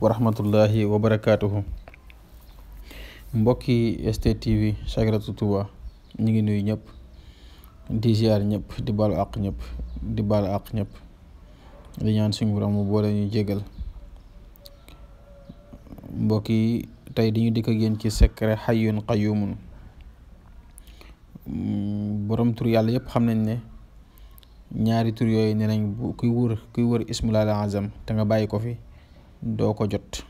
wa rahmatullahi wa barakaatuhu mbokki STTV Sagratu Touba ñu ngi nuyu ñëpp di ziar ñëpp di baalu àq ñëpp di baalu àq ñëpp di ñaan suñu borom mu boole ñu jégal mbokk yi tey dañu dikk génn ci xay xayyun qayyumun boroom tur yàlla yëpp xam nañ ne ñaari tur yooyu ne nañ kuy wër kuy wër ismul azam te nga bàyyi ko fi doo ko jot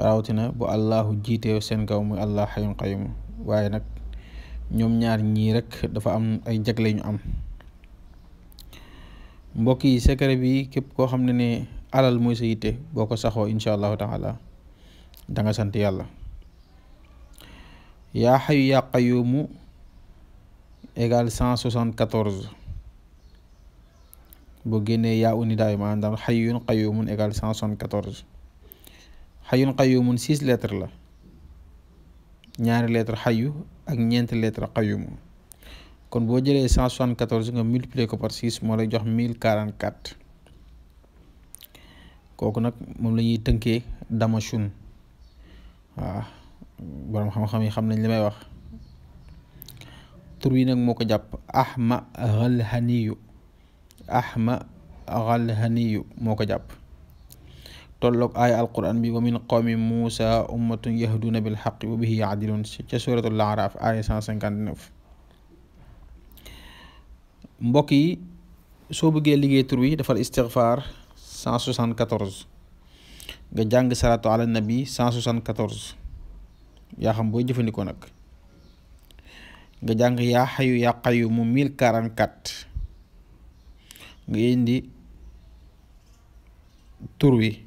rawatina bu allahu jiitee seen kaw muy allah xayum xayum waaye nag ñoom ñaar ñii rek dafa am ay jagle ñu am mbokk yi secret bi képp koo xam ne ne alal mooy sa yitte boo ko saxoo incha allahu taala danga sant yàlla yaa xayu yaa qayumu égal cent soixante-quatorze boo génnee yaa unidaay maanaam daal xayyun qayyumun égal cent soixante-quatorze xayyun qayyumun six lettres la ñaari lettre xayu ak ñeenti lettre qayyumu kon boo jëlee cent soixante-quatorze nga multiplier ko par six moo lay jox mille quarante-quatre kooku nag moom la ñuy tënkee damashun waaw borom xam-xam yi xam nañ li may wax tur yi nag moo ko jàpp ahma xalhaniyu ahma xalhaniyu moo ko jàpp tolloog aaya alquran bi wa min qawmi muusa ummatun yahduuna bil xaqi wa bihi yaadilun ca suratul araf aaya 159 mbokk yi soo bëggee liggéey tur wi dafal istigfaar 174 nga jàng salaatu ala cent 174 yaa xam booy jëfandikoo nag nga jàng yaa xayu yaa qayyuum 1044 nga indi tur wi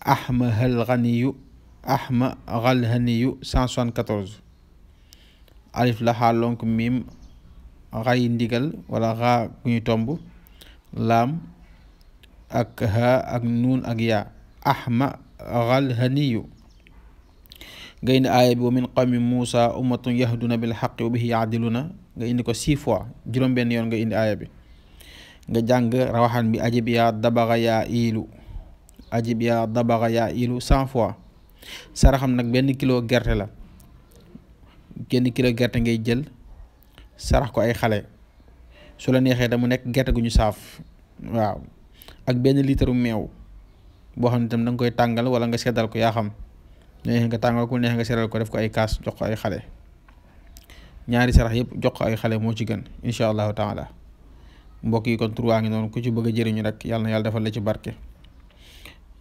ahma alxaniyu ahma xalhaniyu cent soixante-quatorze alif la xaa miim xayi ndigal wala xaa gu tomb laam ak haa ak nuun ak yaa ahma xalhaniyu nga indi aaya bi wa min qawmi Muusa ummatun yahduna bil xaqi wa bihi yaadiluna nga indi ko six fois juróom-benn yoon nga indi aaya bi nga jàng rawaxan bi ajib yaa dabaxa yaa iilu ajib yaa dabaxa cent fois saraxam nag benn kilo gerte la benn kilo gerte ngay jël sarax ko ay xale su la neexee da mu nekk gerte gu ñu saaf waaw ak benn litre meew boo xam ne tam da koy tàngal wala nga seddal ko yaa xam neexee nga tàngal ko neexee nga seddal ko def ko ay kaas jox ko ay xale ñaari sarax yëpp jox ko ay xale moo ci gën incha allahu taala mbokk yi kon tur waa ngi noonu ku ci bëgg a jëriñu rek yàlla na yàlla defal la ci barke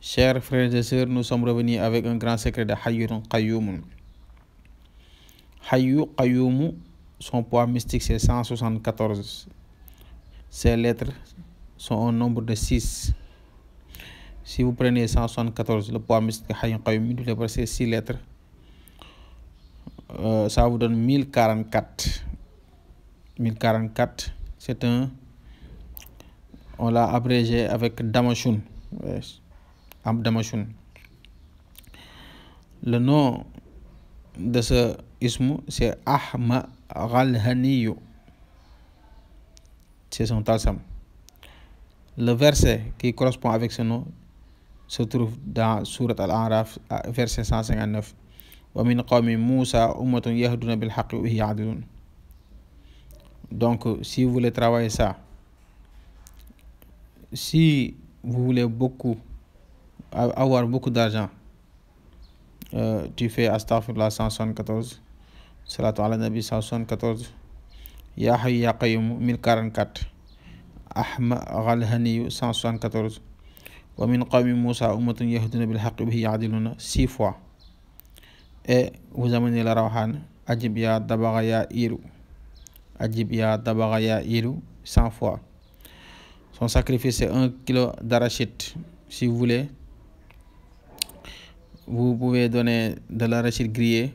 chers frères et sœurs nous sommes revenus avec un grand secret de Hayyun Qayyum Hayyu Qayyum son poids mystique c'est 174 ses lettres sont un nombre de 6 si vous prenez 174 le poids mystique de Hayyun Qayyum multiplié par ces 6 lettres euh, ça vous donne 1044 1044 c'est on l'a abrégé avec Damashun. Le nom de ce ismu, c'est Ahma Ghalhaniyu. C'est son talsam. Le verset qui correspond avec ce nom se trouve dans Surat Al-Araf, verset 159. wa min qawmi Moussa ummatun yahduna bil haqqi wa hiya Donc, si vous voulez travailler ça, si vous voulez beaucoup avoir beaucoup d'argent euh, tu fais astaghfirullah 174 salatu nabi 174 ya hayyu ya qayyum 1044 ahma ghalhaniyu 174 wa min qawmi Moussa ummatun yahduna bil haqqi bihi ya'diluna six fois et vous amenez la rawhan ajib ya dabaga ajib ya dabaga ya iru cent fois son sacrifice c'est un kilo d'arachide si vous voulez vous pouvez donner de l'arachide grillé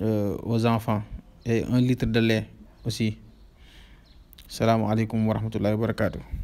euh, aux enfants et un litre de lait aussi salaamaaleykum wa rahmatullahi wa barakaatu.